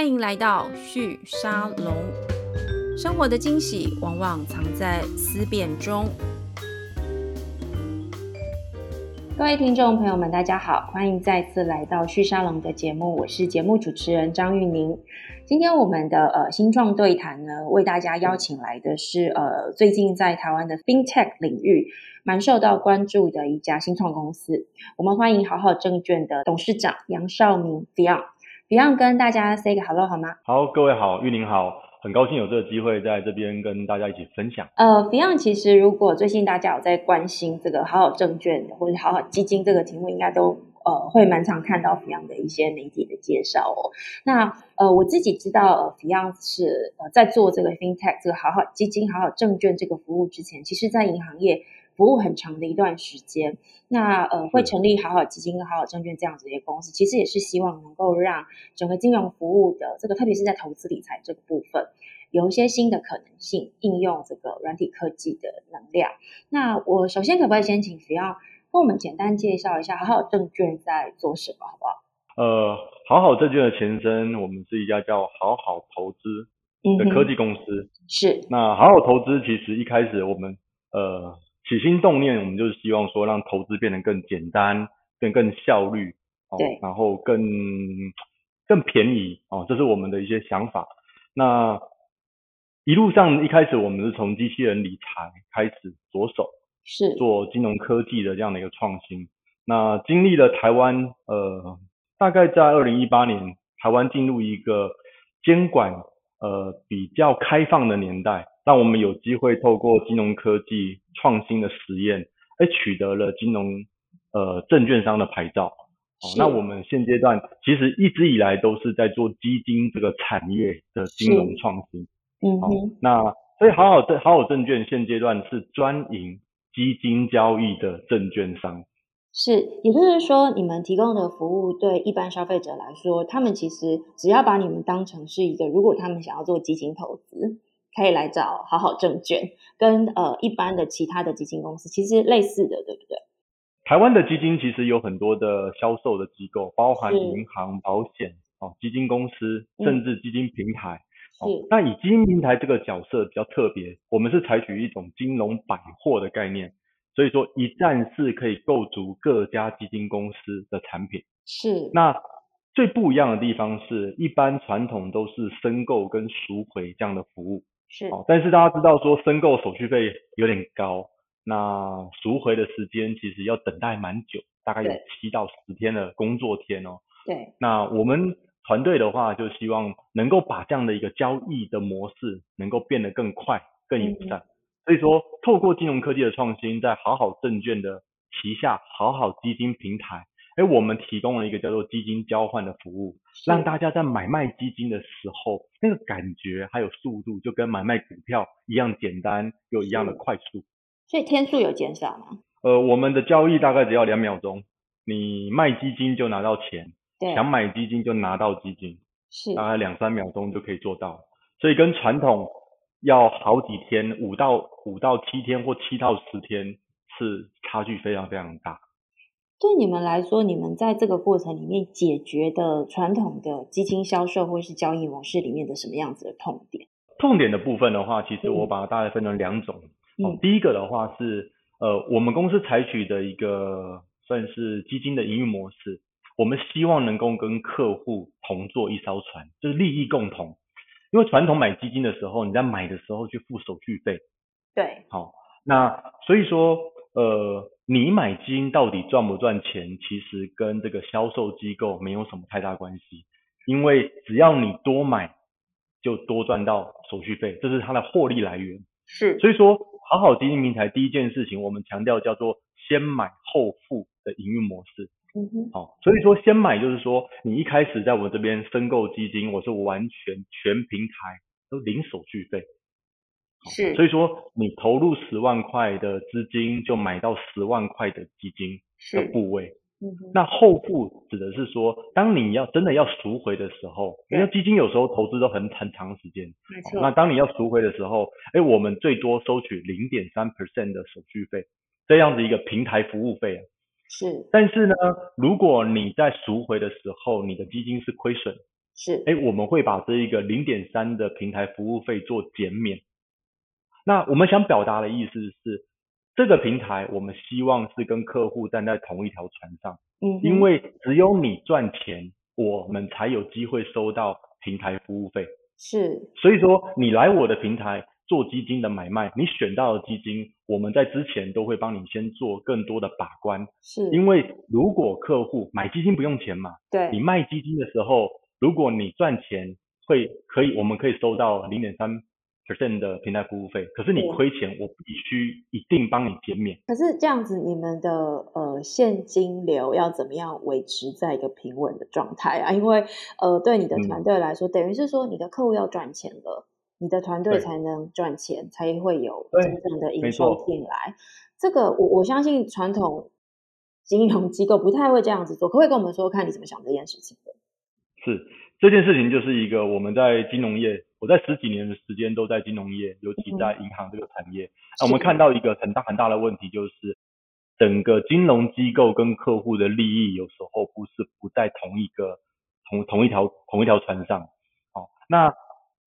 歡迎來到旭沙龍。生活的驚喜往往藏在思辨中。各位聽眾朋友們，大家好，歡迎再次來到旭沙龍的節目。我是節目主持人張玉寧。今天我們的呃新創對談呢，為大家邀請來的是呃最近在台灣的 FinTech 領域蠻受到關注的一家新創公司。我們歡迎好好證券的董事長楊少銘。Beyond 跟大家 say 個 hello 好嗎？好，各位好，玉玲好，很高興有這個機會在這邊跟大家一起分享。呃、uh，Beyond 其實如果最近大家有在關心這個好好證券或者好好基金這個題目，應該都呃會蠻常看到 Beyond 的一些媒體的介紹哦。那呃我自己知道、呃，Beyond 是呃在做這個 FinTech 這個好好基金、好好好證券這個服務之前，其實在銀行業。服務很長的一段時間，那呃，會成立好好基金跟好好證券這樣子一些公司，其實也是希望能夠讓整個金融服務的這個，特別是在投資理財這個部分，有一些新的可能性，應用這個軟體科技的能量。那我首先可不可以先請傅耀跟我們簡單介紹一下好好證券在做什麼，好不好？呃，好好證券的前身，我們是一家叫好好投資的科技公司，嗯、是。那好好投資其實一開始我們呃。起心動念，我們就是希望說，讓投資變得更簡單、變更效率，哦，然後更更便宜哦，這是我們的一些想法。那一路上一開始，我們是從機器人理財開始着手，是做金融科技的這樣的一個創新。那經歷了台灣，呃，大概在二零一八年，台灣進入一個監管呃比較開放的年代。那我們有機會透過金融科技創新的實驗，而，取得了金融呃證券商的牌照。哦，那我們現階段其實一直以來都是在做基金這個產業的金融創新。嗯哼，好，那所以好好證好好證券現階段是專營基金交易的證券商。是，也就是說，你們提供的服務對一般消費者來說，他們其實只要把你們當成是一個，如果他們想要做基金投資，可以來找好好證券，跟呃一般的其他的基金公司其實類似的，對不對？台灣的基金其實有很多的銷售的機構，包含銀行、保險哦、基金公司，甚至基金平台、嗯哦。是。那以基金平台這個角色比較特別，我們是採取一種金融百貨的概念，所以說一站式可以購足各家基金公司的產品。是。那最不一樣的地方是，一般傳統都是申購跟贖回這樣的服務。是，但是大家知道說申購手續費有點高，那贖回的時間其實要等待蠻久，大概有七到十天的工作天哦。對。那我們團隊的話，就希望能夠把這樣的一個交易的模式能夠變得更快、更友善。嗯嗯嗯。所以說，透過金融科技的創新，在好好證券的旗下好好基金平台。誒、欸，我們提供了一個叫做基金交換的服務，讓大家在買賣基金的時候，那個感覺還有速度，就跟買賣股票一樣簡單又一樣的快速。所以天數有減少嗎？呃，我們的交易，大概只要兩秒鐘，你賣基金就拿到錢，對，想買基金就拿到基金，是大概兩三秒鐘就可以做到。所以跟傳統要好幾天，五到五到七天或七到十天，是差距非常非常大。對你們來說，你們在這個過程裡面解決的傳統的基金銷售或者是交易模式裡面的什麼樣子的痛點？痛點的部分的話，其實我把它大概分成兩種，嗯哦。第一個的話是呃，我們公司採取的一個算是基金的營運模式，我們希望能夠跟客戶同坐一艘船，就是利益共同。因為傳統買基金的時候，你在買的時候去付手續費。對。好、哦，那所以說呃。你買基金到底賺不賺錢，其實跟這個銷售機構沒有什麼太大關係，因為只要你多買，就多賺到手續費，這是它的獲利來源。是，所以說，好好基金平台第一件事情，我們強調叫做“先買後付”的營運模式。嗯哼。好，所以說先買就是說，你一開始在我這邊申購基金，我是完全全平台都零手續費。是，所以說你投入十萬塊的資金，就買到十萬塊的基金的部位。嗯哼，那後付指的是說，當你要真的要贖回的時候，因為基金有時候投資都很很長時間。沒錯。那當你要贖回的時候，哎，我們最多收取零點三 percent 的手續費，這樣子一個平台服務費啊。是。但是呢，如果你在贖回的時候，你的基金是虧損，是，哎，我們會把這一個零點三的平台服務費做減免。那我們想表達的意思是，這個平台我們希望是跟客戶站在同一條船上，嗯，因為只有你賺錢，我們才有機會收到平台服務費，是。所以說，你來我的平台做基金的買賣，你選到的基金，我們在之前都會幫你先做更多的把關，是。因為如果客戶買基金不用錢嘛，對。你賣基金的時候，如果你賺錢，會可以，我們可以收到零點三。的平台服務費，可是你虧錢、嗯，我必須一定幫你減免。可是這樣子，你們的呃現金流要怎麼樣維持在一個平穩的狀態啊？因為呃，對你的團隊來說，嗯、等於是說你的客戶要賺錢了，你的團隊才能賺錢，才會有真正的營收進來。這個我我相信傳統金融機構不太會這樣子做，可不可以跟我們說，看你怎麼想這件事情的？是這件事情，就是一個我們在金融業。我在十幾年的時間都在金融業，尤其在銀行這個產業。那、嗯啊、我們看到一個很大很大的問題，就是整個金融機構跟客戶的利益有時候不是不在同一個同同一條同一條船上。好、啊，那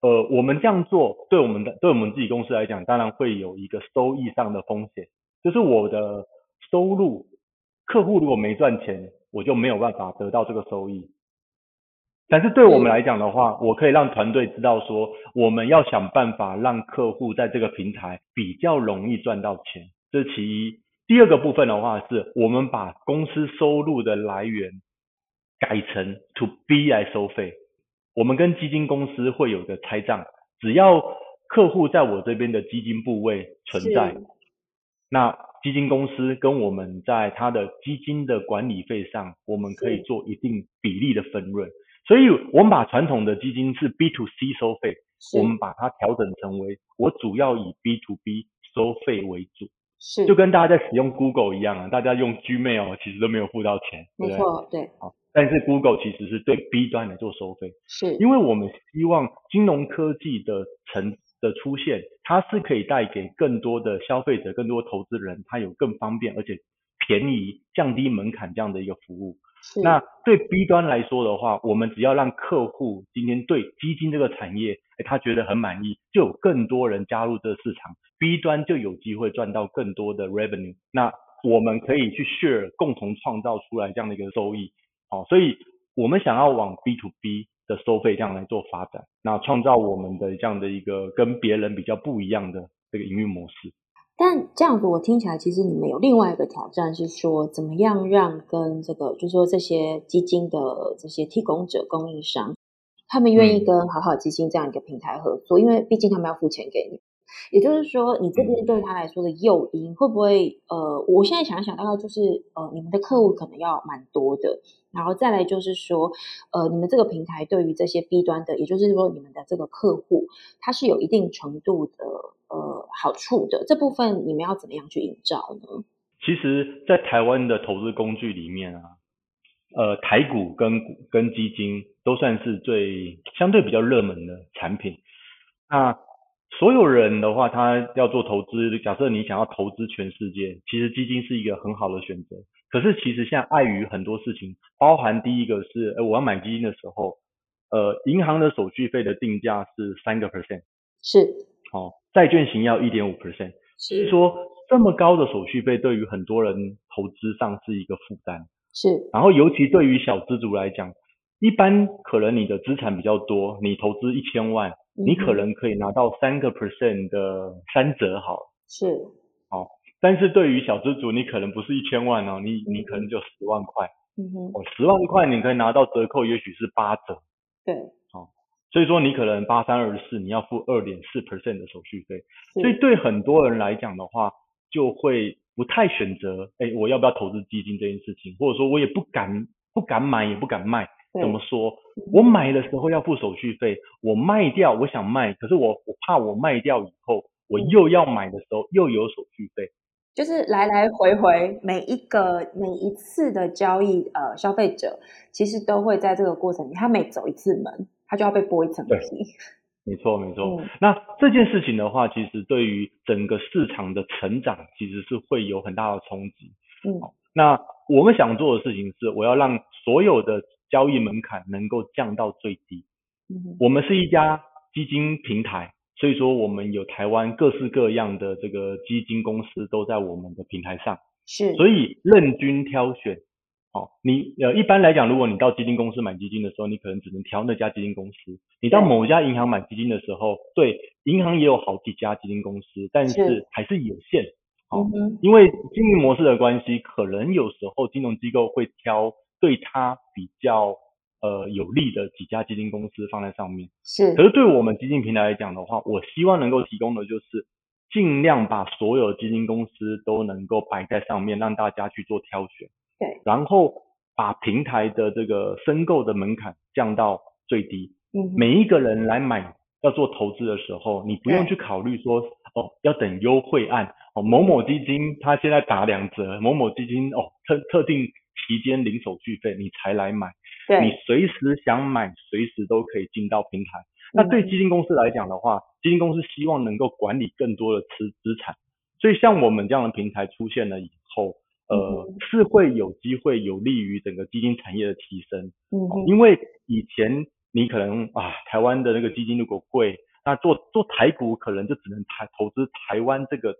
呃，我們這樣做，對我們的對我們自己公司來講，當然會有一個收益上的風險，就是我的收入，客戶如果沒賺錢，我就沒有辦法得到這個收益。但是對我們來講的話，我可以讓團隊知道說，我們要想辦法讓客戶在這個平台比較容易賺到錢，這是其一。第二個部分的話，是我們把公司收入的來源改成 to B 來收費。我們跟基金公司會有個拆賬，只要客戶在我這邊的基金部位存在，那基金公司跟我們在他的基金的管理費上，我們可以做一定比例的分潤。所以，我們把傳統的基金是 B to C 收費，我們把它調整成為我主要以 B to B 收費為主，是就跟大家在使用 Google 一樣啊，大家用 Gmail 其實都沒有付到錢，沒錯，對。好，但是 Google 其實是對 B 端來做收費，是，因為我們希望金融科技的成的出現，它是可以帶給更多的消費者、更多投資人，它有更方便而且便宜、降低門檻這樣的一個服務。是。那對 B 端來說的話，我們只要讓客戶今天對基金這個產業，欸、他覺得很滿意，就有更多人加入這個市場，B 端就有機會賺到更多的 revenue。那我們可以去 share，共同創造出來這樣的一個收益，好、哦，所以我們想要往 B to B 的收費這樣來做發展，那創造我們的這樣的一個跟別人比較不一樣的這個營運模式。但這樣子我聽起來，其實你們有另外一個挑戰，是說怎麼樣讓跟這個，就是說這些基金的這些提供者、供應商，他們願意跟好好基金這樣一個平台合作，因為畢竟他們要付錢給你。也就是說，你這邊對他來說的誘因會不會、嗯？呃，我現在想想到就是，呃，你們的客戶可能要蠻多的，然後再來就是說，呃，你們這個平台對於這些 B 端的，也就是說你們的這個客戶，它是有一定程度的呃好處的。這部分你們要怎麼樣去營造呢？其實，在台灣的投資工具裡面啊，呃，台股跟股跟基金都算是最相對比較熱門的產品，那。所有人的話，他要做投資。假設你想要投資全世界，其實基金是一個很好的選擇。可是其實現在礙於很多事情，包含第一個是，誒、呃、我要買基金的時候，呃，銀行的手續費的定價是三個 percent，是，好、哦，債券型要一點五 percent，所以說這麼高的手續費對於很多人投資上是一個負擔。是，然後尤其對於小資族來講，一般可能你的資產比較多，你投資一千萬。你可能可以拿到三個 percent 的三折好了，好是，好，但是對於小資族，你可能不是一千萬哦、啊，你你可能就十萬塊，嗯哼，哦十萬塊你可以拿到折扣，也許是八折，對，好，所以說你可能八三二四，你要付二點四 percent 的手續費，所以對很多人來講的話，就會不太選擇，哎，我要不要投資基金這件事情，或者說我也不敢不敢買也不敢賣。怎麼說？我買的時候要付手續費，我賣掉我想賣，可是我我怕我賣掉以後，我又要買的時候、嗯、又有手續費，就是來來回回每一個每一次的交易，呃，消費者其實都會在這個過程裡，他每走一次門，他就要被剝一層皮。沒錯沒錯，沒錯嗯、那這件事情的話，其實對於整個市場的成長其實是會有很大的衝擊。嗯、那我們想做的事情是，我要讓所有的。交易門檻能夠降到最低。Mm -hmm. 我們是一家基金平台，所以說我們有台灣各式各樣的這個基金公司都在我們的平台上。是，所以任君挑選。哦，你呃，一般來講，如果你到基金公司買基金的時候，你可能只能挑那家基金公司；你到某一家銀行買基金的時候，對，銀行也有好幾家基金公司，但是還是有限。哦 mm -hmm. 因為經營模式的關係，可能有時候金融機構會挑。對他比較呃有利的幾家基金公司放在上面是，可是對我們基金平台來講的話，我希望能夠提供的就是盡量把所有基金公司都能夠擺在上面，讓大家去做挑選。對，然後把平台的這個申購的門檻降到最低。嗯，每一個人來買要做投資的時候，你不用去考慮說哦要等優惠案哦，某某基金他現在打兩折，某某基金哦特特定，期間零手續費，你才來買。對，你隨時想買，隨時都可以進到平台。那對基金公司來講的話，基金公司希望能夠管理更多的資資產，所以像我們這樣的平台出現了以後，呃，是會有機會有利於整個基金產業的提升。因為以前你可能啊，台灣的那個基金如果貴，那做做台股可能就只能台投資台灣這個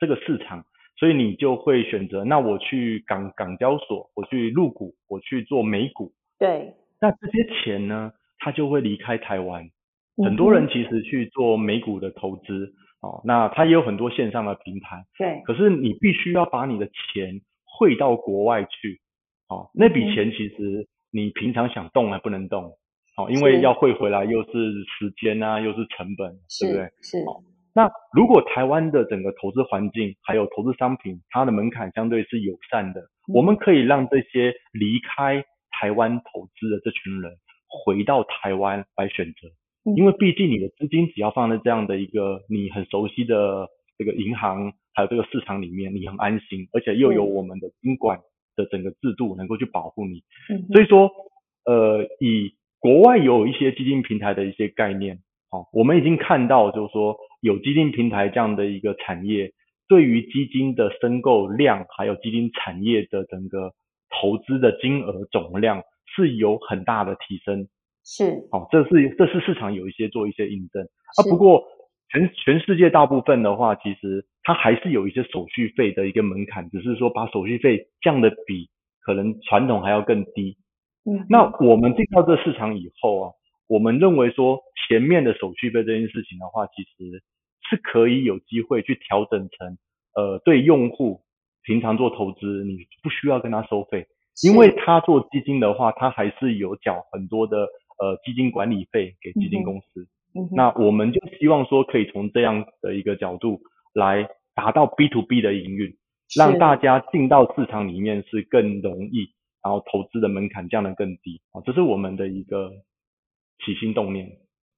這個市場。所以你就會選擇，那我去港港交所，我去入股，我去做美股。對。那這些錢呢，它就會離開台灣，嗯。很多人其實去做美股的投資哦，那它也有很多線上的平台。對。可是你必須要把你的錢匯到國外去，哦，嗯、那筆錢其實你平常想動還不能動，哦，因為要匯回來又是時間啊，是又是成本是，對不對？是。哦。那如果台灣的整個投資環境還有投資商品，它的門檻相對是友善的，我們可以讓這些離開台灣投資的這群人回到台灣來選擇，因為畢竟你的資金只要放在這樣的一個你很熟悉的這個銀行還有這個市場裡面，你很安心，而且又有我們的金管的整個制度能夠去保護你。所以說，呃，以國外有一些基金平台的一些概念，哦，我們已經看到就是說。有基金平台這樣的一個產業，對於基金的申購量，還有基金產業的整個投資的金額總量是有很大的提升。是，好、哦，這是這是市場有一些做一些印證啊。不過全全世界大部分的話，其實它還是有一些手續費的一個門檻，只是說把手續費降得比可能傳統還要更低。嗯，那我們進到這個市場以後啊，我們認為說前面的手續費這件事情的話，其實。是可以有機會去調整成，呃，對用戶平常做投資，你不需要跟他收費，因為他做基金的話，他還是有繳很多的呃基金管理費給基金公司。嗯嗯、那我們就希望說，可以從這樣的一個角度來達到 B to B 的營運，讓大家進到市場裡面是更容易，然後投資的門檻降得更低啊，這是我們的一個起心動念。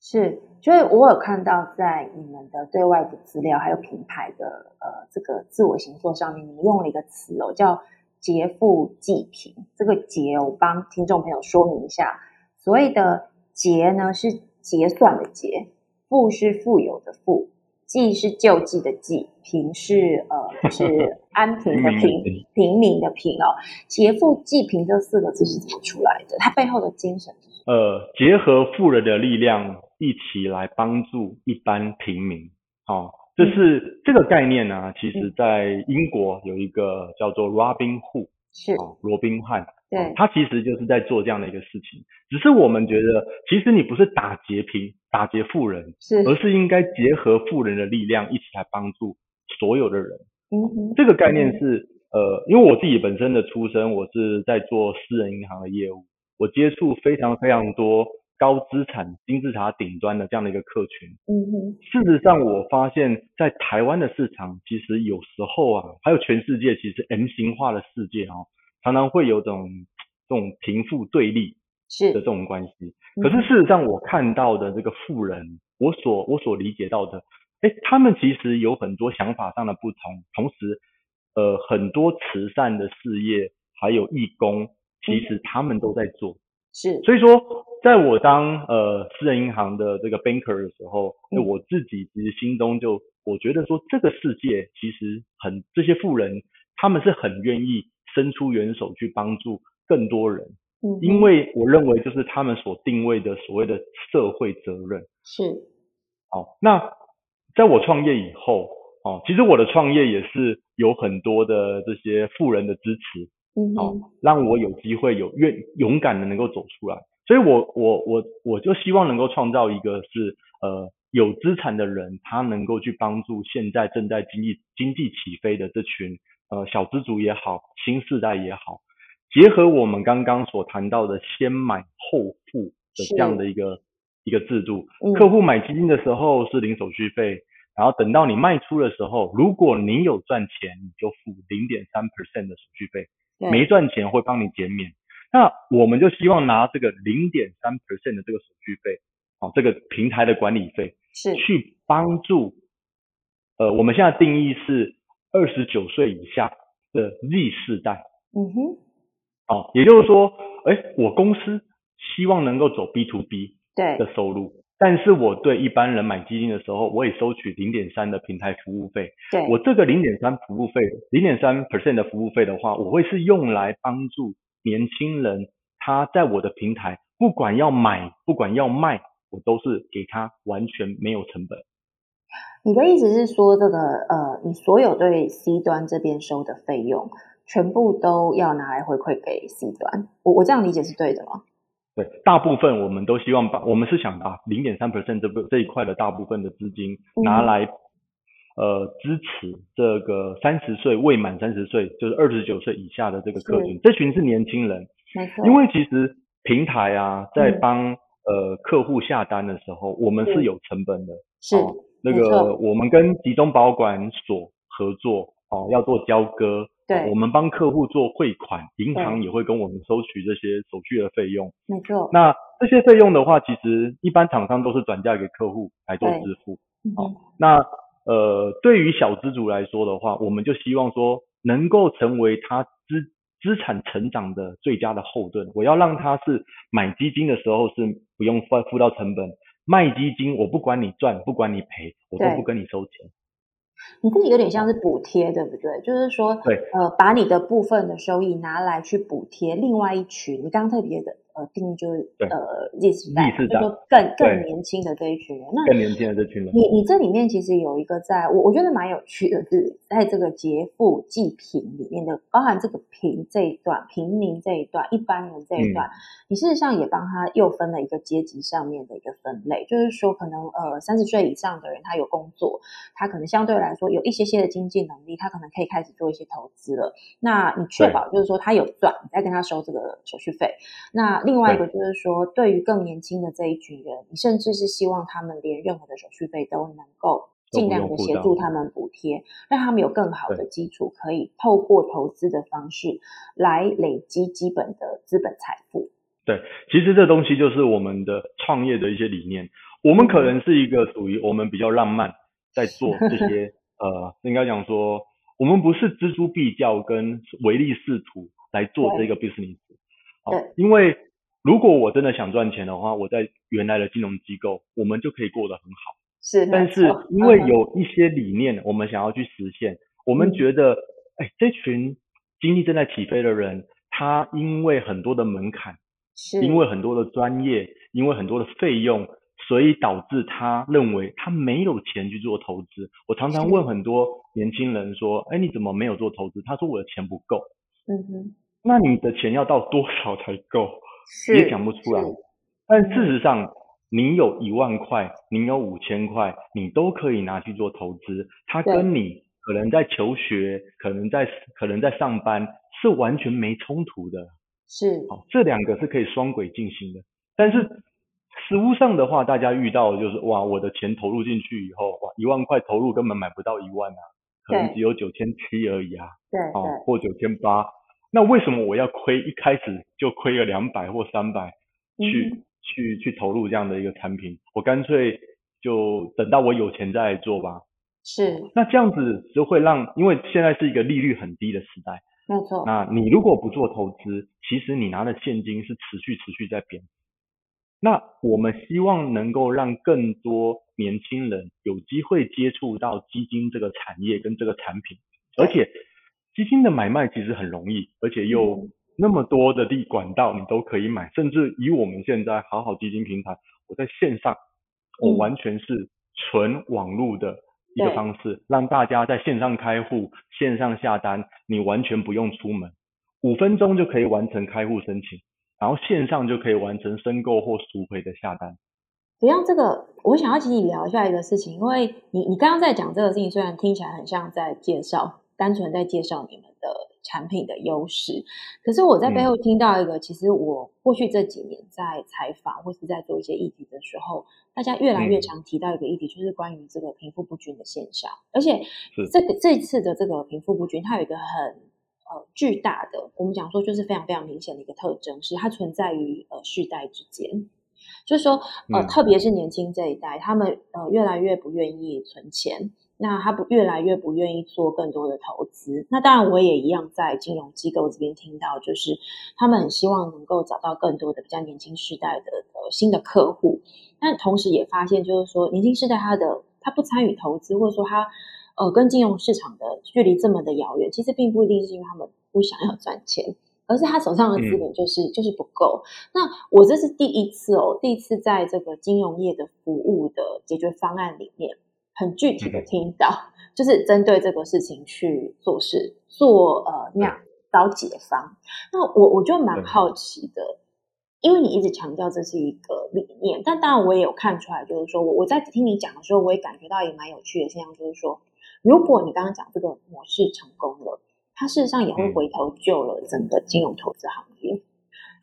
是，所以我有看到在你們的對外的資料，還有品牌的呃這個自我行作上面，你用了一個詞哦，叫“結富濟平”。這個“結”，我幫聽眾朋友說明一下，所謂的“結”呢，是結算的“結”，“富”是富有的“富”，“濟”是救濟的“濟”，“平、呃”是呃是安平的平“ 平民平民的“平”哦，“結富濟平”這四個字是怎麼出來的？它背後的精神、就，是什麼？呃，結合富人的力量。一起來幫助一般平民，好、哦，就是這個概念，呢、啊。其實，在英國有一個叫做 Robin Hood，是羅賓漢，Han，對、嗯，他其實就是在做這樣的一個事情。只是我們覺得，其實你不是打劫貧，打劫富人，是，而是應該結合富人的力量一起來幫助所有的人。嗯哼，這個概念是、嗯、呃，因為我自己本身的出身，我是在做私人銀行的業務，我接觸非常非常多，高資產金字塔頂端的這樣的一個客群，嗯嗯，事實上我發現，在台灣的市場，其實有時候啊，還有全世界，其實 M 型化的世界啊，常常會有種這種貧富對立的這種關係，嗯。可是事實上，我看到的這個富人，我所我所理解到的，哎、欸，他們其實有很多想法上的不同，同時，呃，很多慈善的事業還有義工，其實他們都在做。嗯是，所以說，在我當呃私人銀行的這個 banker 的時候，就我自己其實心中就我覺得說，這個世界其實很，這些富人他們是很願意伸出援手去幫助更多人，嗯，因為我認為就是他們所定位的所謂的社會責任。是。好，那在我創業以後，哦，其實我的創業也是有很多的這些富人的支持。好、哦，讓我有機會有願勇敢的能夠走出來，所以我我我我就希望能夠創造一個是呃有資產的人，他能夠去幫助現在正在經濟經濟起飛的這群呃小資族也好，新世代也好，結合我們剛剛所談到的先買後付的這樣的一個一個制度，客戶買基金的時候是零手續費、嗯，然後等到你賣出的時候，如果你有賺錢，你就付零點三 percent 的手續費。沒賺錢會幫你減免，那我們就希望拿這個零點三%的這個手續費，哦，這個平台的管理費，是去幫助，呃，我們現在定義是二十九歲以下的 Z 世代，嗯哼，哦，也就是說，哎，我公司希望能夠走 B to B 對的收入。但是我對一般人買基金的時候，我也收取零點三的平台服務費。對，我這個零點三服務費，零點三 percent 的服務費的話，我會是用來幫助年輕人，他在我的平台，不管要買，不管要賣，我都是給他完全沒有成本。你的意思是說，這個呃，你所有對 C 端這邊收的費用，全部都要拿來回饋給 C 端？我我這樣理解是對的嗎？對，大部分我們都希望把，我們是想把零點三 percent 這這一塊的大部分的資金拿來，嗯、呃，支持這個三十歲未滿三十歲，就是二十九歲以下的這個客群，這群是年輕人。沒錯。因為其實平台啊，在幫、嗯、呃客戶下單的時候，我們是有成本的。是。啊，那個我們跟集中保管所合作，哦，啊，要做交割。對，我們幫客戶做匯款，銀行也會跟我們收取這些手續的費用。那沒錯。那這些費用的話，其實一般廠商都是轉嫁給客戶來做支付。好、哦嗯，那呃，對於小資族來說的話，我們就希望說能夠成為他資資產成長的最佳的後盾。我要讓他是買基金的時候是不用付付到成本，賣基金我不管你賺，不管你賠，我都不跟你收錢。你自己有點像是補貼，對不對？就是說，對，呃，把你的部分的收益拿來去補貼另外一群，你剛剛特別的。呃，定就是呃，歷史代，就更更年輕的這一群人那，更年輕的這群人。你你這裡面其實有一個在，我我覺得蠻有趣的是，是在這個劫富濟貧裡面的，包含這個貧這一段，平民這一段，一般人這一段，嗯，你事實上也幫他又分了一個階級上面的一個分類，就是說可能呃三十歲以上的人，他有工作，他可能相對來說有一些些的經濟能力，他可能可以開始做一些投資了。那你確保就是說他有賺，你再跟他收這個手續費，那。另外一個就是說，對於更年輕的這一群人，你甚至是希望他們連任何的手續費都能夠儘量的協助他們補貼，讓他們有更好的基礎，可以透過投資的方式來累積基本的資本財富。對，其實這東西就是我們的創業的一些理念。我們可能是一個屬於我們比較浪漫，在做這些 呃，應該講說，我們不是錙銖必較跟唯利是圖來做這個 business。對，對因為。如果我真的想賺錢的話，我在原來的金融機構，我們就可以過得很好。是，但是因為有一些理念，我們想要去實現，嗯、我們覺得，哎、欸，這群經濟正在起飛的人，他因為很多的門檻，是因為很多的專業，因為很多的費用，所以導致他認為他沒有錢去做投資。我常常問很多年輕人說：“哎、欸，你怎麼沒有做投資？”他說：“我的錢不夠。”嗯哼。那你的錢要到多少才夠？是，也講不出來，但事實上，你有一萬塊，你有五千塊，你都可以拿去做投資，它跟你可能在求學，可能在可能在上班，是完全沒衝突的。是，好、哦，這兩個是可以雙軌進行的。但是，實物上的話，大家遇到就是哇，我的錢投入進去以後，哇，一萬塊投入根本買不到一萬啊，可能只有九千七而已啊，對對哦，或九千八。那為什麼我要虧，一開始就虧個兩百或三百、嗯，去去去投入這樣的一個產品？我乾脆就等到我有錢再來做吧。是。那這樣子就會讓，因為現在是一個利率很低的時代。沒錯。那你如果不做投資，其實你拿的現金是持續持續在貶值。那我們希望能夠讓更多年輕人有機會接觸到基金這個產業跟這個產品，而且。基金的買賣其實很容易，而且又那麼多的地管道，你都可以買。甚至以我們現在好好基金平台，我在線上，我完全是純網路的一個方式、嗯，讓大家在線上開戶、線上下單，你完全不用出門，五分鐘就可以完成開戶申請，然後線上就可以完成申購或贖回的下單。對，要這個我想要請你聊一下一個事情，因為你你剛剛在講這個事情，雖然聽起來很像在介紹。單純在介紹你們的產品的優勢，可是我在背後聽到一個、嗯，其實我過去這幾年在採訪或是在做一些議題的時候，大家越來越常提到一個議題，嗯、就是關於這個貧富不均的現象。而且這個這一次的這個貧富不均，它有一個很呃巨大的，我們講說就是非常非常明顯的一個特徵，是它存在於呃世代之間，就是說呃、嗯、特別是年輕這一代，他們呃越來越不願意存錢。那他不越來越不願意做更多的投資。那當然，我也一樣在金融機構這邊聽到，就是他們很希望能夠找到更多的比較年輕世代的呃新的客戶，但同時也發現，就是說年輕世代他的他不參與投資，或者說他呃跟金融市場的距離這麼的遙遠，其實並不一定是因為他們不想要賺錢，而是他手上的資本就是、嗯、就是不夠。那我這是第一次哦，第一次在這個金融業的服務的解決方案裡面。很具體的聽到，okay. 就是針對這個事情去做事，做呃那樣找解方。那我我就蠻好奇的，okay. 因為你一直強調這是一個理念，但當然我也有看出來，就是說我我在聽你講的時候，我也感覺到也蠻有趣的現象，就是說，如果你剛剛講這個模式成功了，它事實上也會回頭救了整個金融投資行業，okay.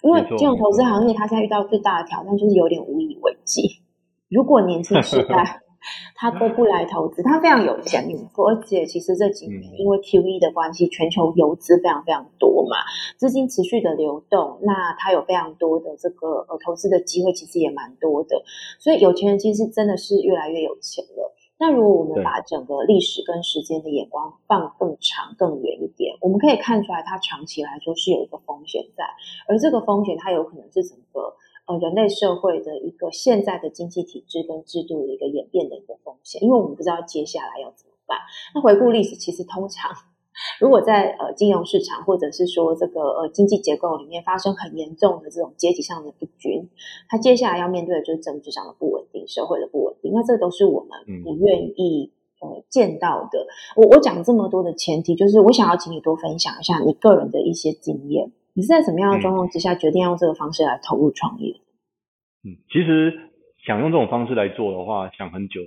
因為金融投資行業它現在遇到最大的挑戰就是有點無以為繼。如果年輕時代。Okay. 他都不來投資，他非常有錢，而且其實這幾年因為 QE 的關係，全球游資非常非常多嘛，資金持續的流動，那他有非常多的這個呃投資的機會，其實也蠻多的。所以有錢人其實真的是越來越有錢了。那如果我們把整個歷史跟時間的眼光放更長、更遠一點，我們可以看出來，他長期來說是有一個風險在，而這個風險它有可能是整個。人類社會的一個現在的經濟體制跟制度的一個演變的一個風險，因為我們不知道接下來要怎麼辦。那回顧歷史，其實通常如果在呃金融市場或者是說這個呃經濟結構裡面發生很嚴重的這種階級上的不均，它接下來要面對的就是政治上的不穩定、社會的不穩定。那這都是我們不願意嗯嗯呃見到的。我我講這麼多的前提，就是我想要請你多分享一下你個人的一些經驗。你是在什麼樣的狀況之下決定用這個方式來投入創業？嗯，其實想用這種方式來做的話，想很久。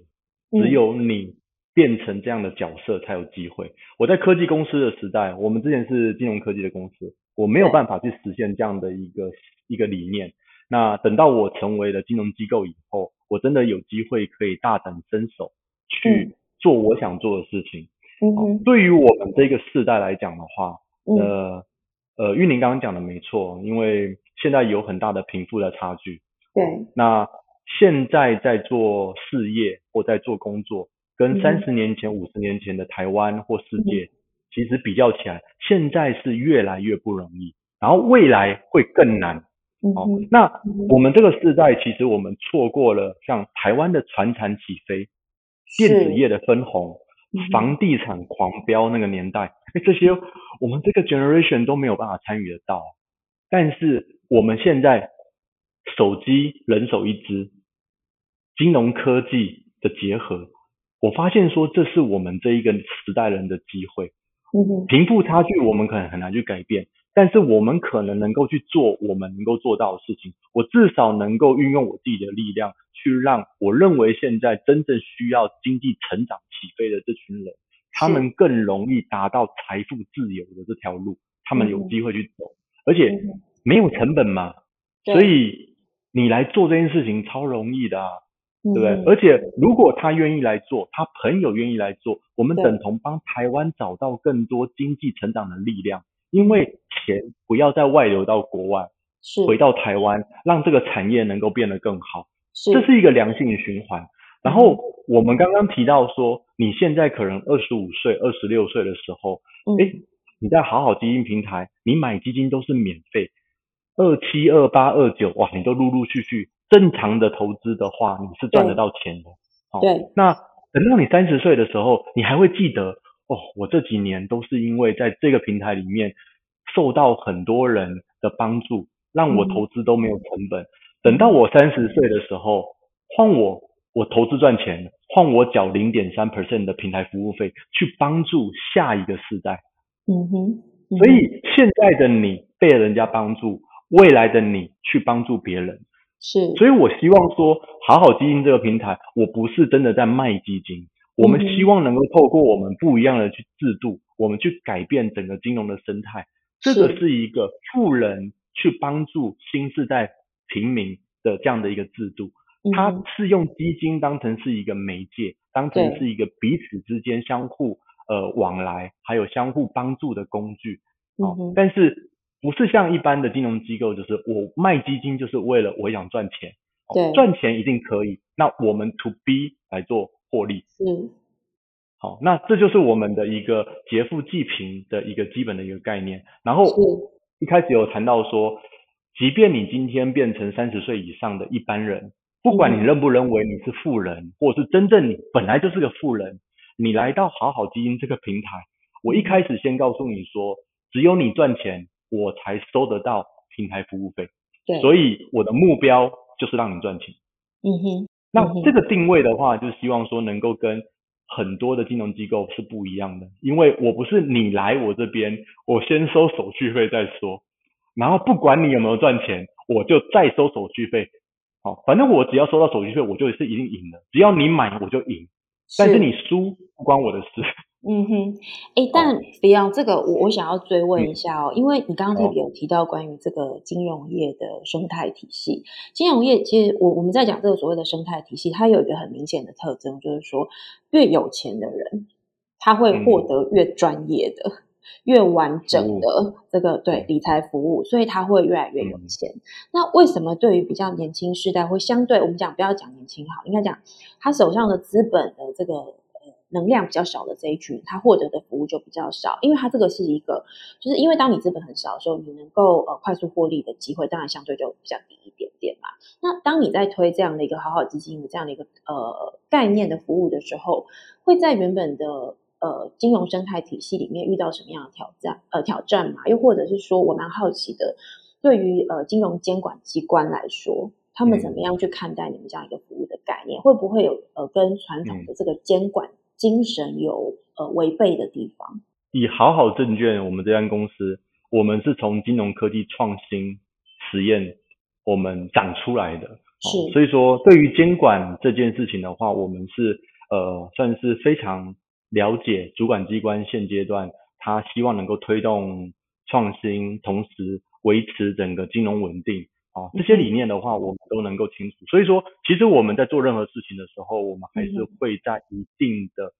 只有你變成這樣的角色才有機會。我在科技公司的時代，我們之前是金融科技的公司，我沒有辦法去實現這樣的一個一個理念。那等到我成為了金融機構以後，我真的有機會可以大展身手去做我想做的事情。嗯哼，對於我們這個時代來講的話，嗯、呃。呃，玉玲剛剛講的沒錯，因為現在有很大的貧富的差距。對。那現在在做事業或在做工作，跟三十年前、五、嗯、十年前的台灣或世界、嗯，其實比較起來，現在是越來越不容易，然後未來會更難。嗯、哦、嗯。那我們這個時代，其實我們錯過了像台灣的傳產起飛、電子業的分紅、嗯、房地產狂飆那個年代。哎，這些我們這個 generation 都沒有辦法參與得到，但是我們現在手機人手一支，金融科技的結合，我發現說這是我們這一個時代人的機會。貧富差距我們可能很難去改變，但是我們可能能夠去做我們能夠做到的事情。我至少能夠運用我自己的力量，去讓我認為現在真正需要經濟成長起飛的這群人。他們更容易達到財富自由的這條路，嗯，他們有機會去走，而且沒有成本嘛，所以你來做這件事情超容易的，啊嗯，對不對？而且如果他願意來做，他朋友願意來做，我們等同幫台灣找到更多經濟成長的力量，因為錢不要再外流到國外，是回到台灣，讓這個產業能夠變得更好，是這是一個良性的循環。然後我們剛剛提到說，你現在可能二十五歲、二十六歲的時候，嗯，誒，你在好好基金平台，你買基金都是免費，二七、二八、二九，哇，你都陸陸續續正常的投資的話，你是賺得到錢的。對。哦，對那等到哦，對。那等到你三十歲的時候，你還會記得哦，我這幾年都是因為在這個平台裡面受到很多人的幫助，讓我投資都沒有成本。嗯，等到嗯。等到我三十歲的時候，換我。我投資賺錢，換我繳零點三 percent 的平台服務費，去幫助下一個世代嗯。嗯哼，所以現在的你被人家幫助，未來的你去幫助別人。是，所以我希望說，好好基金這個平台，我不是真的在賣基金，嗯、我們希望能夠透過我們不一樣的去制度，我們去改變整個金融的生態。這個是一個富人去幫助新世代平民的這樣的一個制度。它是用基金當成是一個媒介，嗯、當成是一個彼此之間相互呃往來，還有相互幫助的工具。嗯哦、但是不是像一般的金融機構，就是我賣基金就是為了我想賺錢。哦、賺錢一定可以。那我們 To B 來做獲利。嗯。好、哦，那這就是我們的一個劫富濟貧的一個基本的一個概念。然後一開始有談到說，即便你今天變成三十歲以上的一般人。不管你認不認為你是富人，mm -hmm. 或者是真正你本來就是個富人，你來到好好基金這個平台，我一開始先告訴你說，只有你賺錢，我才收得到平台服務費。對，所以我的目標就是讓你賺錢。嗯哼，那這個定位的話，就是希望說能夠跟很多的金融機構是不一樣的，因為我不是你來我這邊，我先收手續費再說，然後不管你有沒有賺錢，我就再收手續費。好，反正我只要收到手續費，我就是一定贏的。只要你買，我就贏，是，但是你輸不關我的事。嗯哼，哎、欸，但不、哦、要這個，我我想要追問一下哦，嗯、因為你剛剛特別有提到關於這個金融業的生態體系、嗯，金融業其實我我們在講這個所謂的生態體系，它有一個很明顯的特徵，就是說越有錢的人，他會獲得越專業的。嗯越完整的這個對，對理財服務，所以他會越來越有錢。嗯。那為什麼對於比較年輕世代，會相對我們講不要講年輕好，應該講他手上的資本的這個呃能量比較少的這一群，他獲得的服務就比較少，因為他這個是一個，就是因為當你資本很少的時候，你能夠呃快速獲利的機會，當然相對就比較低一點點嘛。那當你在推這樣的一個好好基金的這樣的一個呃概念的服務的時候，會在原本的。呃，金融生態體系裡面遇到什麼樣的挑戰？呃，挑戰嘛，又或者是說我蠻好奇的，對於呃金融監管機關來說，他們怎麼樣去看待你們這樣一個服務的概念？嗯，會不會有呃跟傳統的這個監管精神有呃違背的地方？以好好證券我們這家公司，我們是從金融科技創新實驗我們長出來的，哦，是，所以說對於監管這件事情的話，我們是呃算是非常。了解主管機關現階段，他希望能夠推動創新，同時維持整個金融穩定啊，這些理念的話，我們都能夠清楚、嗯。所以說，其實我們在做任何事情的時候，我們還是會在一定的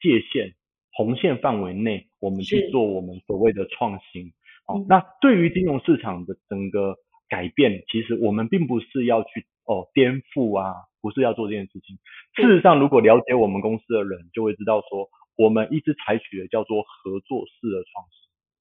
界限、紅、嗯、線範圍內，我們去做我們所謂的創新、啊嗯。那對於金融市場的整個改變，其實我們並不是要去哦顛覆啊，不是要做這件事情。事實上，如果了解我們公司的人就會知道說。我們一直採取的叫做合作式的創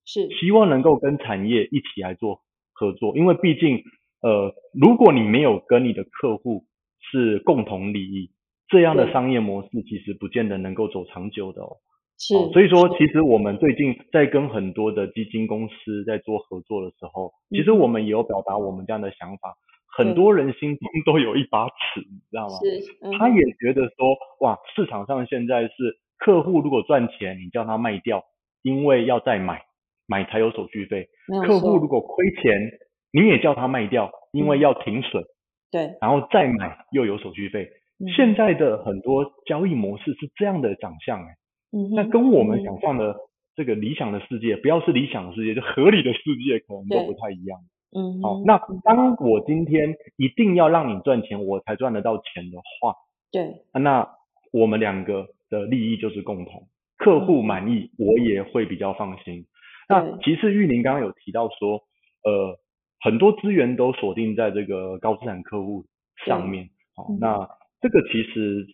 新，是希望能夠跟產業一起來做合作，因為畢竟，呃，如果你沒有跟你的客戶是共同利益，這樣的商業模式其實不見得能夠走長久的哦。是，所以說，其實我們最近在跟很多的基金公司在做合作的時候，其實我們也有表達我們這樣的想法。很多人心中都有一把尺，你知道嗎？是，他也覺得說，哇，市場上現在是。客戶如果賺錢，你叫他賣掉，因為要再買，買才有手續費。客戶如果虧錢，你也叫他賣掉，嗯、因為要停損。對。然後再買又有手續費，嗯。現在的很多交易模式是這樣的長相哎，欸。嗯，那跟我們想象的這個理想的世界，嗯，不要是理想的世界，就合理的世界可能都不太一樣。好，嗯，好，那當我今天一定要讓你賺錢，我才賺得到錢的話，對。啊，那我們兩個。的利益就是共同，客戶滿意，我也會比較放心。嗯、那其實，玉林剛剛有提到說，呃，很多資源都鎖定在這個高資產客戶上面。好、哦嗯，那這個其實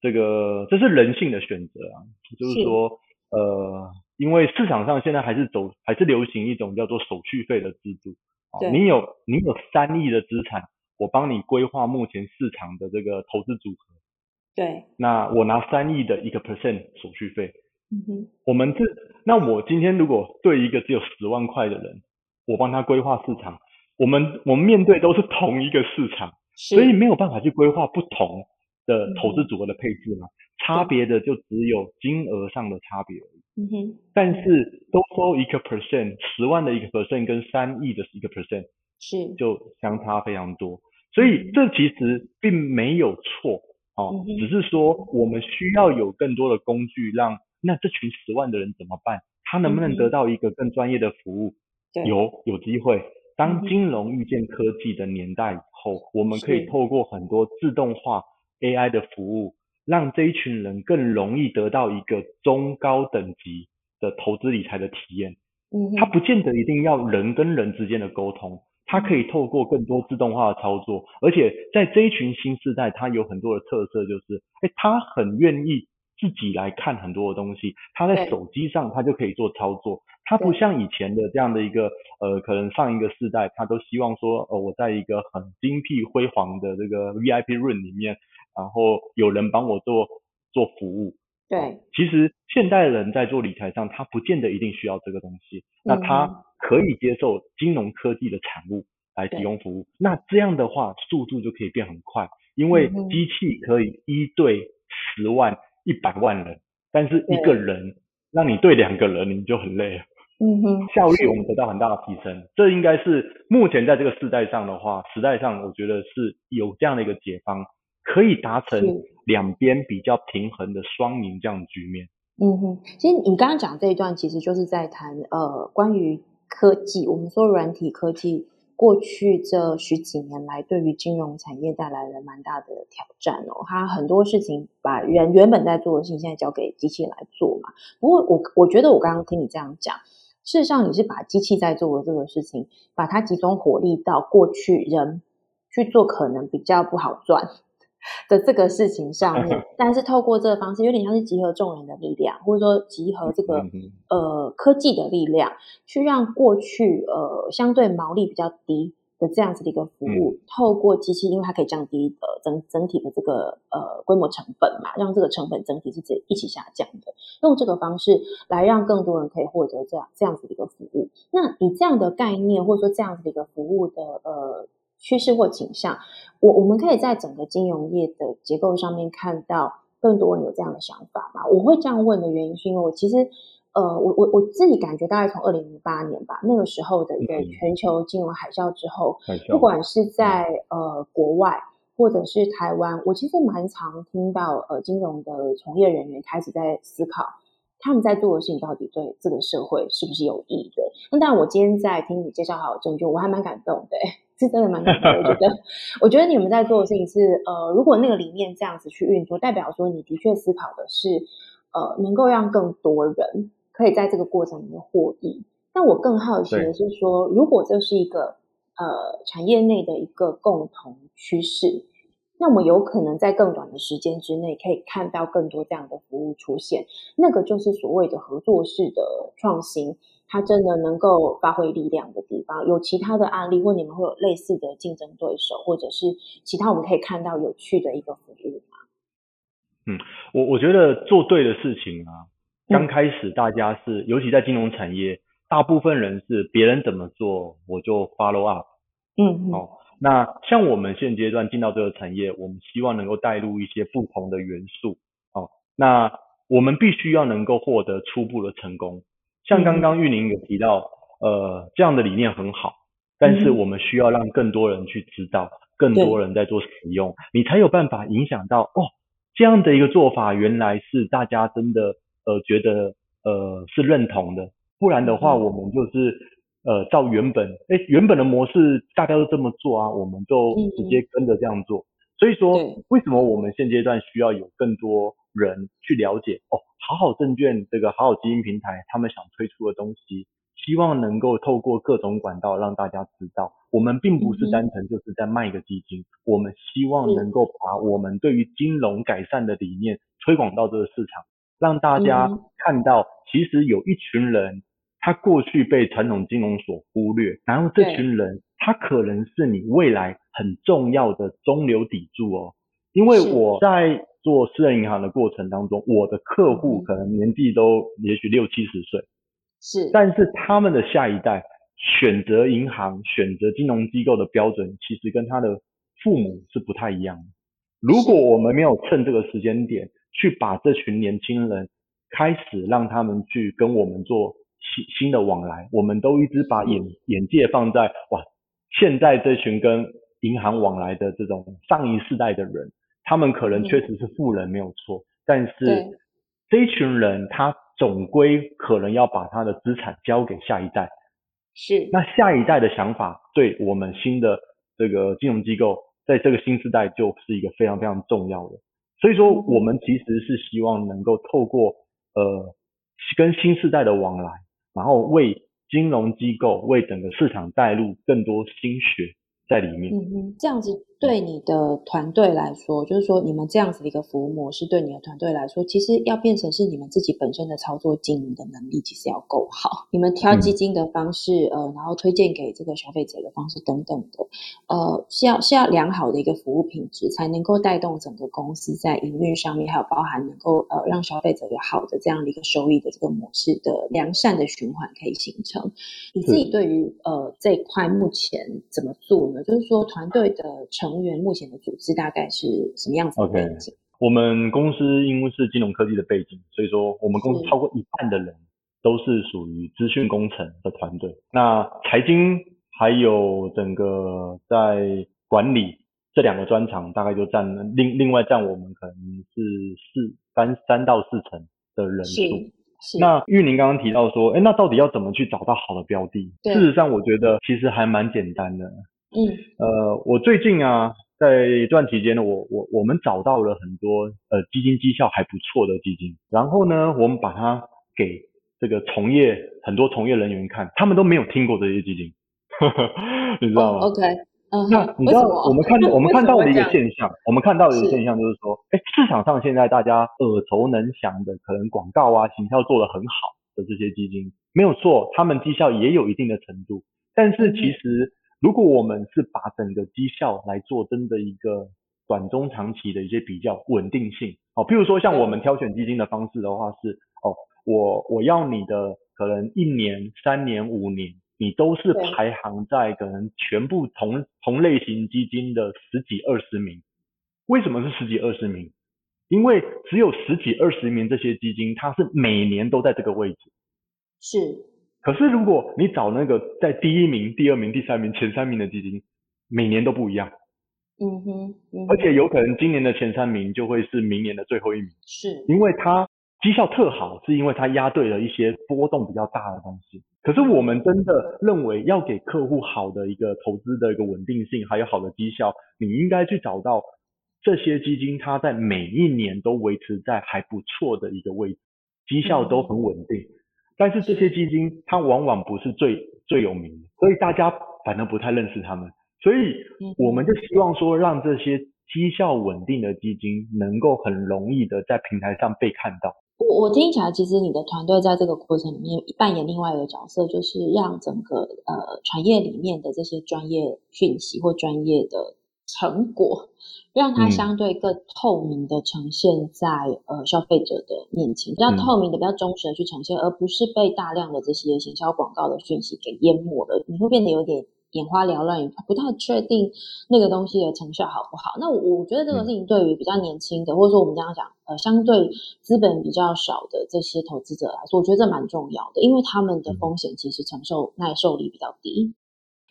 這個這是人性的選擇啊，就是說，呃，因為市場上現在還是走，還是流行一種叫做手續費的制度、哦。你有你有三億的資產，我幫你規劃目前市場的這個投資組合。對，那我拿三億的一個 percent 手續費。嗯哼，我們這那我今天如果對一個只有十萬塊的人，我幫他規劃市場，我們我們面對都是同一個市場，所以沒有辦法去規劃不同的投資組合的配置嘛？嗯、差別的就只有金額上的差別而已。嗯哼，但是都收一個 percent，十萬的一個 percent 跟三億的一個 percent 是就相差非常多，所以這其實並沒有錯。哦，只是說我們需要有更多的工具，讓那這群十萬的人怎麼辦？他能不能得到一個更專業的服務？有有機會，當金融遇見科技的年代以後，我們可以透過很多自動化 AI 的服務，讓這一群人更容易得到一個中高等級的投資理財的體驗。嗯，他不見得一定要人跟人之間的溝通。他可以透過更多自動化的操作，而且在這一群新世代，他有很多的特色，就是，哎、欸，他很願意自己來看很多的東西，他在手機上他就可以做操作，他不像以前的這樣的一個，呃，可能上一個世代，他都希望說，哦、呃，我在一個很金碧輝煌的這個 VIP room 裡面，然後有人幫我做做服務。對，其實現代人在做理財上，他不見得一定需要這個東西。嗯，那他可以接受金融科技的產物來提供服務。那這樣的話，速度就可以變很快，因為機器可以一對十萬、一、嗯、百萬人，但是一個人，讓你對兩個人，你就很累了。嗯哼，效率我們得到很大的提升，這應該是目前在這個世代上的話，時代上我覺得是有這樣的一個解方。可以達成兩邊比較平衡的雙贏這樣的局面。嗯哼，其實你剛剛講這一段，其實就是在談呃關於科技。我們說軟體科技，過去這十幾年來，對於金融產業帶來了蠻大的挑戰哦。它很多事情把原、原本在做的事情，現在交給機器來做嘛。不過我、我覺得我剛剛聽你這樣講，事實上你是把機器在做的這個事情，把它集中火力到過去人去做、可能比較不好賺的這個事情上面，但是透過這個方式，有點像是集合眾人的力量，或者說集合這個呃科技的力量，去讓過去呃相對毛利比較低的這樣子的一個服務，透過機器，因為它可以降低呃整整體的這個呃規模成本嘛，讓這個成本整體是一起下降的，用這個方式來讓更多人可以獲得這樣這樣子的一個服務。那以這樣的概念，或者說這樣子的一個服務的呃。趨勢或景象，我我們可以在整個金融業的結構上面看到更多人有這樣的想法嘛？我會這樣問的原因，是因為我其實，呃，我我我自己感覺，大概從二零零八年吧，那個時候的一個全球金融海嘯之後，不管是在、嗯、呃國外或者是台灣，我其實蠻常聽到呃金融的從業人員開始在思考，他們在做的事情到底對這個社會是不是有益的？那當然，我今天在聽你介紹好好證券，我還蠻感動的、欸。是 真的蠻難的，我覺得。我覺得你們在做的事情是，呃，如果那個理念這樣子去運作，代表說你的確思考的是，呃，能夠讓更多人可以在這個過程裡面獲益。但我更好奇的是說，如果這是一個，呃，產業內的一個共同趨勢，那我們有可能在更短的時間之內可以看到更多這樣的服務出現。那個就是所謂的合作式的創新。他真的能夠發揮力量的地方，有其他的案例，或你們會有類似的競爭對手，或者是其他我們可以看到有趣的一個服務嗎？嗯，我我覺得做對的事情啊，剛開始大家是、嗯，尤其在金融產業，大部分人是別人怎麼做我就 follow up。嗯，好、哦，那像我們現階段進到這個產業，我們希望能夠帶入一些不同的元素。哦，那我們必須要能夠獲得初步的成功。像剛剛玉寧有提到，嗯，呃，這樣的理念很好，嗯，但是我們需要讓更多人去知道，更多人在做使用，你才有辦法影響到哦。這樣的一個做法，原來是大家真的呃覺得呃是認同的，不然的話，我們就是、嗯、呃照原本，哎、欸、原本的模式大家都這麼做啊，我們就直接跟着這樣做。嗯、所以說，為什麼我們現階段需要有更多？人去了解哦，好好證券這個好好基金平台，他們想推出的東西，希望能夠透過各種管道，讓大家知道，我們並不是單純就是在賣一個基金，mm -hmm. 我們希望能夠把我們對於金融改善的理念，mm -hmm. 推廣到這個市場，讓大家看到，其實有一群人，他過去被傳統金融所忽略，然後這群人，mm -hmm. 他可能是你未來很重要的中流砥柱哦，因為我在。做私人銀行的過程當中，我的客戶可能年紀都也許六七十歲，是，但是他們的下一代選擇銀行、選擇金融機構的標準，其實跟他的父母是不太一樣的。如果我們沒有趁這個時間點去把這群年輕人開始讓他們去跟我們做新新的往來，我們都一直把眼、嗯、眼界放在哇，現在這群跟銀行往來的這種上一世代的人。他們可能確實是富人，沒有錯，嗯。但是這一群人，他總歸可能要把他的資產交給下一代。是。那下一代的想法，對我們新的這個金融機構，在這個新時代就是一個非常非常重要的。所以說，我們其實是希望能夠透過呃跟新世代的往來，然後為金融機構為整個市場帶入更多新血在裡面。嗯嗯，這樣子。對你的團隊來說，就是說，你們這樣子的一個服務模式，對你的團隊來說，其實要變成是你們自己本身的操作、經營的能力，其實要夠好。你們挑基金的方式，呃，然後推薦給這個消費者的方式等等的，呃，是要是要良好的一個服務品質，才能夠帶動整個公司在營運上面，還有包含能夠呃讓消費者有好的這樣的一個收益的這個模式的良善的循環可以形成。你自己對於呃這一塊目前怎麼做呢？就是說，團隊的成成員目前的組織大概是什麼樣子的？OK，我們公司因為是金融科技的背景，所以說我們公司超過一半的人都是屬於資訊工程的團隊。那財經還有整個在管理這兩個專長，大概就占了，另另外占我們可能是四三三到四成的人數。是。是那玉寧剛剛提到說，哎，那到底要怎麼去找到好的標的？事實上，我覺得其實還蠻簡單的。嗯，呃，我最近啊，在一段期間呢，我我我們找到了很多呃基金績效還不錯的基金，然後呢，我們把它給這個從業很多從業人員看，他們都沒有聽過這些基金，呵呵，你知道嗎？哦，OK，嗯、uh-huh，那你知道我們看我們看到的 一個現象，我們看到的一個現象就是說，哎，市場上現在大家耳熟能詳的，可能廣告啊、行銷做得很好的這些基金，沒有錯，他們績效也有一定的程度，但是其實、嗯。如果我們是把整個績效來做真的一個短中長期的一些比較穩定性，哦，譬如說像我們挑選基金的方式的話是，哦，我我要你的可能一年、三年、五年，你都是排行在可能全部同同類型基金的十幾二十名。為什麼是十幾二十名？因為只有十幾二十名這些基金，它是每年都在這個位置。是。可是如果你找那個在第一名、第二名、第三名、前三名的基金，每年都不一樣。嗯哼，嗯哼，而且有可能今年的前三名就會是明年的最後一名，是，因為它績效特好，是因為它押對了一些波動比較大的東西。可是我們真的認為要給客戶好的一個投資的一個穩定性，還有好的績效，你應該去找到這些基金，它在每一年都維持在還不錯的一個位置，績效都很穩定。嗯但是這些基金，它往往不是最最有名的，所以大家反而不太認識它們。所以，我們就希望說，讓這些績效穩定的基金能夠很容易的在平台上被看到。我我聽起來，其實你的團隊在這個過程裡面扮演另外一個角色，就是讓整個呃產業裡面的這些專業訊息或專業的。成果讓它相對更透明的呈現在、嗯、呃消費者的面前，比較透明的、比較忠實的去呈現、嗯，而不是被大量的這些行銷廣告的訊息給淹沒了。你會變得有點眼花繚亂，也不太確定那個東西的成效好不好。那我,我覺得這個事情對於比較年輕的，嗯、或者說我們這樣講，呃，相對資本比較少的這些投資者來說，我覺得這蠻重要的，因為他們的風險其實承受、嗯、耐受力比較低。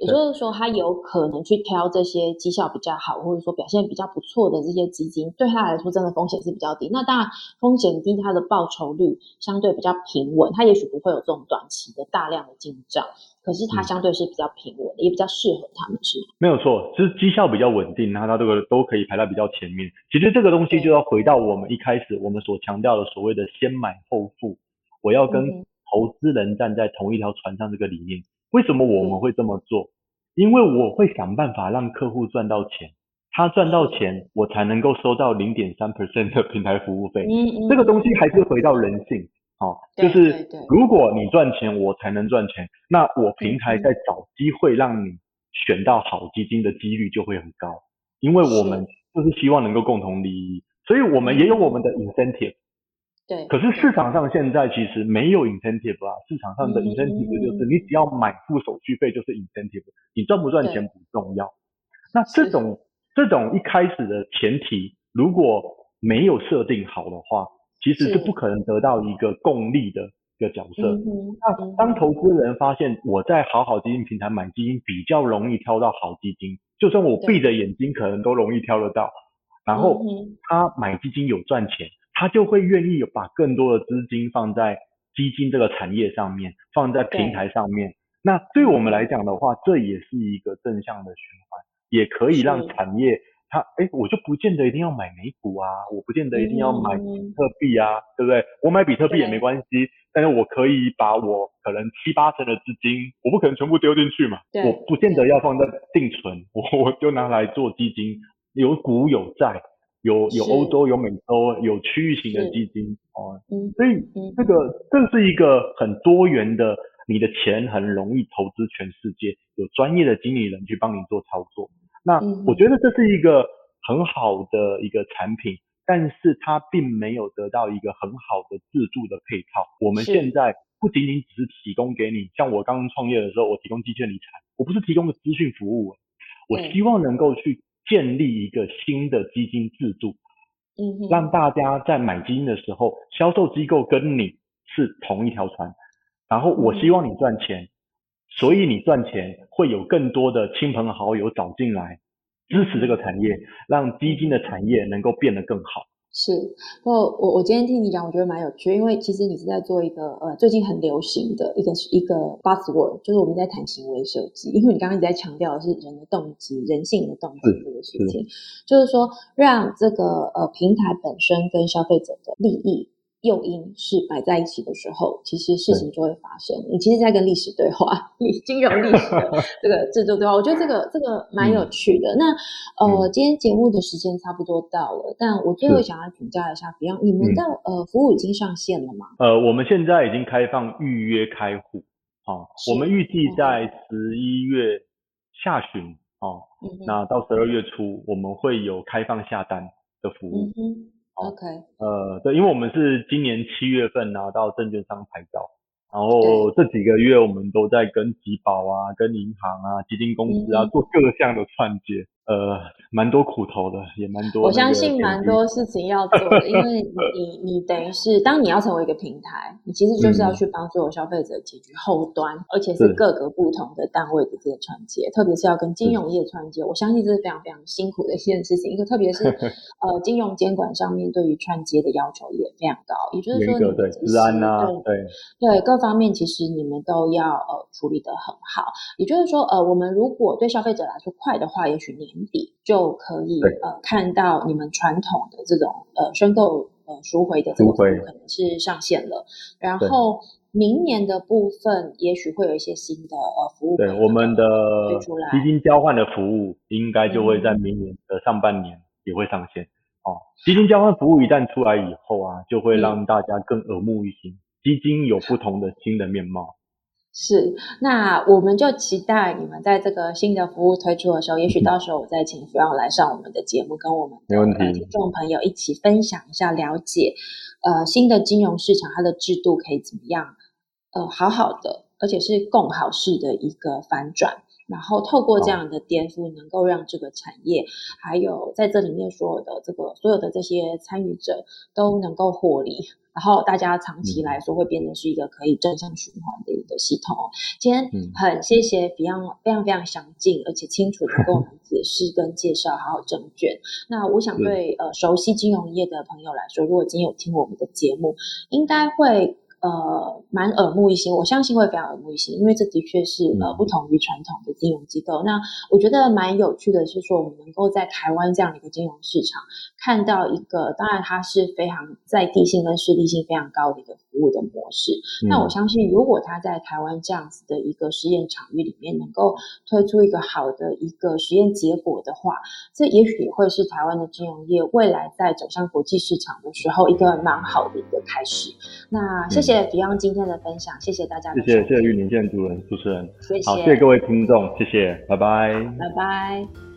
也就是說，他有可能去挑這些績效比較好，或者說表現比較不錯的這些基金，對他來說真的風險是比較低。那當然，風險低，它的報酬率相對比較平穩，它也許不會有這種短期的大量的進賬，可是它相對是比較平穩的、嗯，也比較適合他們。是，沒有錯，就是績效比較穩定，然後它這個都可以排在比較前面。其實這個東西就要回到我們一開始、嗯、我們所強調的所謂的“先買後付”，我要跟投資人站在同一條船上這個理念。為什麼我們會這麼做？因為我會想辦法讓客戶賺到錢，他賺到錢，我才能夠收到零點三 percent 的平台服務費、嗯嗯。這個東西還是回到人性，好、哦，就是如果你賺錢，我才能賺錢，那我平台在找機會讓你選到好基金的幾率就會很高，嗯、因為我們就是希望能夠共同利益，所以我們也有我們的 incentive、嗯。對，可是市場上現在其實沒有 incentive 啊，市場上的 incentive 就是你只要買付手續費就是 incentive，嗯，你賺不賺錢不重要。那這種這種一開始的前提如果沒有設定好的話，其實是不可能得到一個共利的一個角色。那當投資人發現我在好好基金平台買基金比較容易挑到好基金，就算我閉着眼睛可能都容易挑得到，然後他買基金有賺錢。他就會願意把更多的資金放在基金這個產業上面，放在平台上面。對，那對我們來講的話，這也是一個正向的循環，也可以讓產業它，哎，我就不見得一定要買美股啊，我不見得一定要買比特幣啊，嗯、對不對？我買比特幣也沒關係，但是我可以把我可能七八成的資金，我不可能全部丟進去嘛。對，我不見得要放在定存，我我就拿來做基金，有股有債。有有歐洲有美洲有區域型的基金哦、嗯，所以、嗯、這個這是一個很多元的，你的錢很容易投資全世界，有專業的經理人去幫你做操作。那、嗯、我覺得這是一個很好的一個產品，但是它並沒有得到一個很好的自助的配套。我們現在不僅僅只是提供給你，像我剛剛創業的時候，我提供基金理財，我不是提供的資訊服務，我希望能夠去、嗯。建立一個新的基金制度，嗯，讓大家在買基金的時候，銷售機構跟你是同一條船，然後我希望你賺錢，所以你賺錢會有更多的親朋好友找進來，支持這個產業，讓基金的產業能夠變得更好。是，我我我今天聽你講，我覺得蠻有趣，因為其實你是在做一個呃，最近很流行的一個一個 buzzword，就是我們在談行為設計。因為你剛剛一直在強調的是人的動機、人性的動機這個事情，就是說讓這個呃平台本身跟消費者的利益。誘因是擺在一起的時候，其實事情就會發生。你其實，在跟歷史對話，你金融歷史的這個製作對話， 我覺得這個這個蠻有趣的。嗯、那呃、嗯，今天節目的時間差不多到了，但我最後想要請教一下不要你們的、嗯、呃服務已經上線了嗎？呃，我們現在已經開放預約開戶，好、啊，我們預計在十一月下旬，好、啊嗯，那到十二月初，我們會有開放下單的服務。嗯 OK，呃，對，因為我們是今年七月份拿到證券商牌照，然後這幾個月我們都在跟集保啊、跟銀行啊、基金公司啊、嗯、做各項的串接。呃，蠻多苦頭的，也蠻多。我相信蠻多事情要做的， 因為你你，你等於是當你要成為一個平台，你其實就是要去幫所有消費者解決後端，嗯、而且是各個不同的單位的這個串接，特別是要跟金融業串接。我相信這是非常非常辛苦的一件事情，一、嗯、個特別是 呃金融監管上面對於串接的要求也非常高，也就是說你，對、就是啊，對，對，對，各方面其實你們都要呃處理得很好。也就是說，呃，我們如果對消費者來說快的話，也許你。就可以呃看到你們傳統的這種呃申購呃贖回的贖回可能是上線了，然後明年的部分也許會有一些新的呃服務。對，我們的基金交換的服務應該就會在明年的上半年也會上線，嗯、哦。基金交換服務一旦出來以後啊，就會讓大家更耳目一新，基金有不同的新的面貌。是，那我們就期待你們在這個新的服務推出的時候，也許到時候我再請少銘來上我們的節目，跟我們的聽、OK，眾朋友一起分享一下，了解，呃，新的金融市場它的制度可以怎麼樣，呃，好好的，而且是更好式的一個反轉。然後透過這樣的顛覆，能夠讓這個產業，還有在這裡面所有的這個所有的這些參與者都能夠獲利，然後大家長期來說會變得是一個可以正向循環的一個系統。今天很謝謝 Beyond 非常非常詳盡而且清楚的跟我們解釋跟介紹，好好證券。那我想對呃熟悉金融業的朋友來說，如果今天有聽我們的節目，應該會。呃，蠻耳目一新，我相信會比較耳目一新，因為這的確是呃不同於傳統的金融機構。嗯、那我覺得蠻有趣的是說，我們能夠在台灣這樣的一個金融市場看到一個，當然它是非常在地性跟實力性非常高的一個。服務的模式，那我相信，如果他在台灣這樣子的一個實驗場域裡面能夠推出一個好的一個實驗結果的話，這也許會是台灣的金融業未來在走向國際市場的時候一個蠻好的一個開始。那謝謝 b e o n 今天的分享，謝謝大家，謝謝謝謝玉林建生主人主持人，謝謝，謝謝各位聽眾，謝謝，拜拜，拜拜。